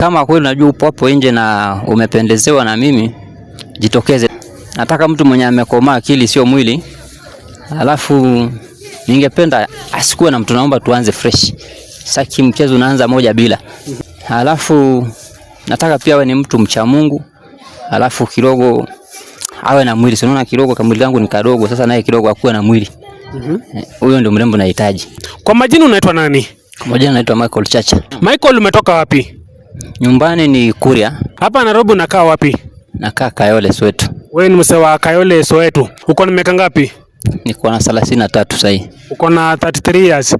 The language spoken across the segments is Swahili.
Kama kweli unajua upo hapo nje na umependezewa na mimi, jitokeze. Nataka mtu mwenye amekomaa akili, sio mwili. Alafu ningependa asikuwe na mtu, naomba tuanze fresh. Saki mchezo unaanza moja bila. Alafu nataka pia awe ni mtu mcha Mungu. Alafu kidogo awe na mwili. Unaona kidogo kama mwili wangu ni kadogo, sasa naye kidogo akuwe na mwili. Mhm. Huyo Ndio mrembo nahitaji. Kwa majina unaitwa nani? Kwa majina naitwa Michael Chacha. Michael, umetoka wapi? Nyumbani ni Kuria. Hapa Nairobi unakaa wapi? Nakaa Kayole Soweto. Wewe ni mse wa Kayole Soweto. Uko na miaka ngapi? Niko na 33 sasa hivi. Uko na 33 years.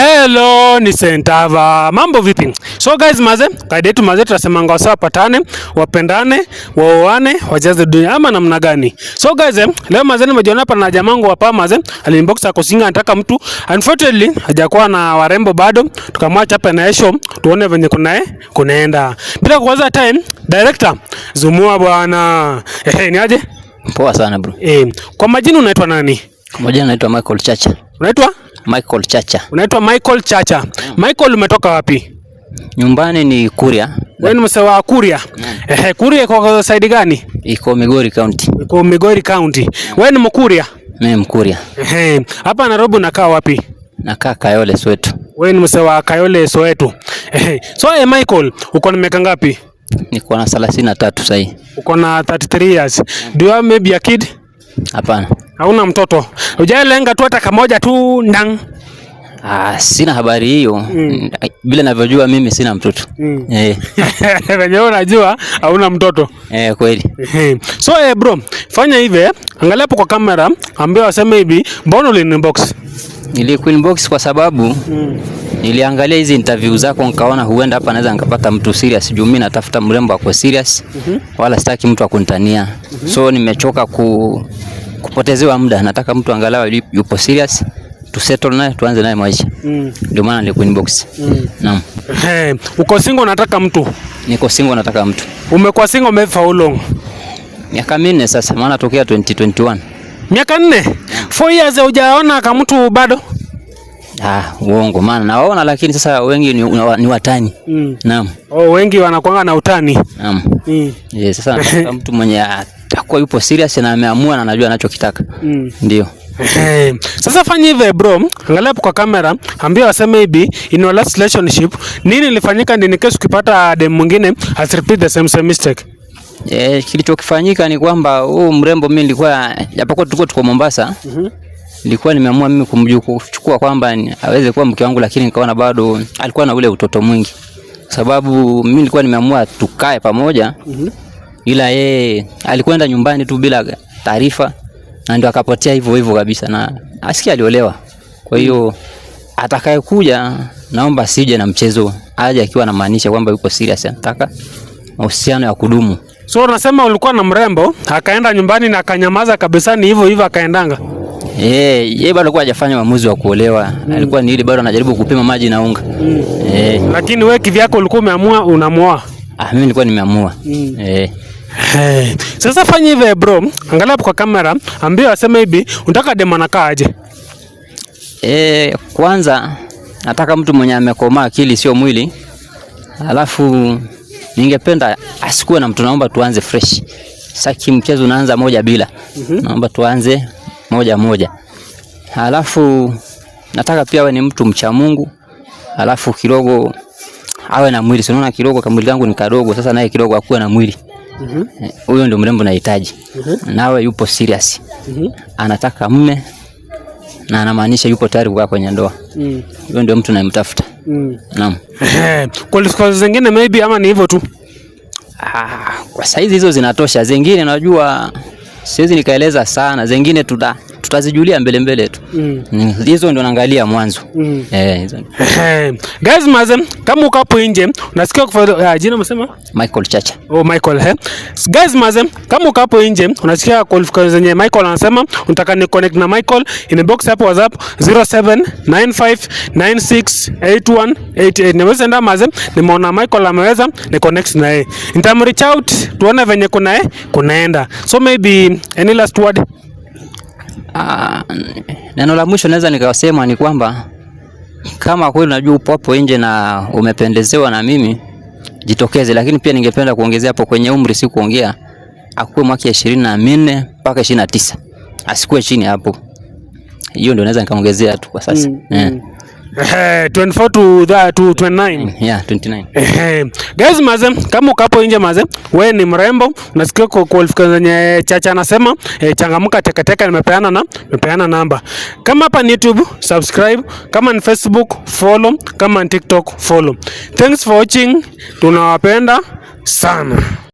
Hello, ni Sentava. Mambo vipi? So guys, maze kaida yetu maze, ngao sawa patane, wapendane, waoane, wajaze dunia ama namna gani? So guys, eh, leo maze nimejiona hapa na jamaa wangu hapa maze, alinbox akosinga anataka mtu. Unfortunately, hajakuwa na warembo bado. Tukamwacha hapa na esho, tuone venye kuna eh, kunaenda. Bila kuwaza time, director, zumua bwana. Eh, ni aje? Poa sana bro. Eh, kwa majina unaitwa nani? Kwa majina naitwa Michael Chacha. Unaitwa? Michael Chacha. Unaitwa Michael Chacha. Mm. Michael umetoka wapi? Nyumbani ni Kuria. Wewe ni msewa wa Kuria. Eh, Kuria iko kwa side gani? Iko Migori County. Iko Migori County. Hmm. Wewe ni Mkuria? Mimi Mkuria. Eh, hapa Nairobi unakaa wapi? Nakaa Kayole Soweto. Wewe ni msewa wa Kayole Soweto. Eh, so eh, Michael, uko na miaka ngapi? Niko na 33 sasa hivi. Uko na 33 years. Do you have maybe a kid? Hapana. Hauna mtoto? Hujalenga tu hata kamoja tu ndang? Ah, sina habari hiyo mm. Eh, bila navyojua mimi sina mtoto mm. Eh. Venye unajua hauna mtoto eh, kweli so eh, bro fanya hivi, eh. angalia hapo kwa kamera, ambaye waseme hivi, mbona ulini inbox? Nilikuwa inbox kwa sababu mm. Niliangalia hizi interview zako nikaona huenda hapa naweza nikapata mtu serious juu mimi natafuta mrembo ako serious mm -hmm. Wala sitaki mtu akunitania mm -hmm. So nimechoka ku kupotezewa muda. Nataka mtu angalau yupo serious settle naye tuanze naye maisha. Mm. Ndio maana nilikuwa inbox. Mm. Naam. Eh, uko single unataka mtu? Niko single nataka mtu. Umekuwa single ume for how long? Miaka minne sasa, maana tokea 2021. Miaka nne? 4 years hujaona kama mtu bado? Ah, uongo maana naona, lakini sasa wengi ni, ni watani mm. Naam. Oh, wengi wanakuanga na utani. Naam. Mm. Yes, sasa mtu mwenye atakuwa yupo serious na ameamua na anajua anachokitaka mm. Ndio. Hey. Sasa fanya hivi bro, angalia kwa kamera, ambia waseme hivi in your last relationship nini ilifanyika ndio in ukipata dem mwingine as repeat the same same mistake? Eh, kilichokifanyika ni kwamba huu mrembo mimi nilikuwa japokuwa tulikuwa tuko Mombasa. Mhm. Mm nilikuwa nimeamua mimi kumchukua kwamba aweze kuwa mke wangu, lakini nikaona bado alikuwa na ule utoto mwingi, sababu mimi nilikuwa nimeamua tukae pamoja mm -hmm. Ila yeye alikwenda nyumbani tu bila taarifa, na ndio akapotea hivyo hivyo kabisa, na asikia aliolewa. Kwa hiyo mhm. atakayekuja, naomba sije na mchezo, aje akiwa anamaanisha kwamba yuko serious, anataka mahusiano ya kudumu. So unasema ulikuwa na mrembo akaenda nyumbani na akanyamaza kabisa, ni hivyo hivyo akaendanga Eh, yeye bado alikuwa hajafanya maamuzi wa kuolewa. Mm. Alikuwa ni ile bado anajaribu kupima maji na unga. Mm. Eh. Lakini wewe kivyako ulikuwa umeamua unamuoa? Ah, mimi nilikuwa nimeamua. Mm. Eh. Hey. Eh. Sasa fanya hivi bro, angalia hapo kwa kamera, ambie waseme hivi, unataka demo anakaa aje? Eh, kwanza nataka mtu mwenye amekomaa akili sio mwili. Alafu ningependa asikuwe na mtu, naomba tuanze fresh. Saki mchezo unaanza moja bila. Mm -hmm. Naomba tuanze moja moja. Alafu nataka pia awe ni mtu mcha Mungu, alafu kidogo awe na mwili. Unaona kidogo kama mwili wangu ni kadogo, sasa naye kidogo akuwe na mwili. Mhm. Mm Huyo ndio mrembo nahitaji. Mm -hmm. Nawe yupo serious. mm -hmm. Anataka mme na anamaanisha yupo tayari kukaa kwenye ndoa. Mhm. Huyo ndio mtu nayemtafuta. Mhm. Naam. Eh, kwa zingine maybe ama ni hivyo tu. Ah, kwa saizi hizo zinatosha. Zingine najua siwezi nikaeleza sana. Zingine tuta tutazijulia mbele mbele tu mm. hizo mm. ndo naangalia mwanzo mm. Eh, hizo guys maze, kama uko hapo nje unasikia kwa uh, jina umesema Michael Chacha. Oh Michael he eh. guys maze, kama uko hapo nje unasikia qualifier zenye Michael anasema, unataka ni connect na Michael inbox hapo WhatsApp 0795968188 niweza enda maze, nimeona Michael ameweza ni connect na yeye, nitamreach out tuone venye kuna kunaenda, so maybe any last word Ah, neno la mwisho naweza nikasema ni kwamba kama kweli unajua upo hapo nje na umependezewa na mimi, jitokeze. Lakini pia ningependa kuongezea hapo kwenye umri, si kuongea akuwe mwaka ishirini na minne mpaka ishirini na tisa asikuwe chini hapo. Hiyo ndio naweza nikaongezea tu kwa sasa mm, yeah. Mm. Eh, eh, guys maze, kama ukapo nje maze, we ni mrembo, nasikia kwa qualification zenye Chacha anasema, eh, changamka teketeka nimepeana na nimepeana namba. Kama hapa ni YouTube, subscribe, kama ni Facebook, follow, kama ni TikTok, follow. Thanks for watching. Tunawapenda sana.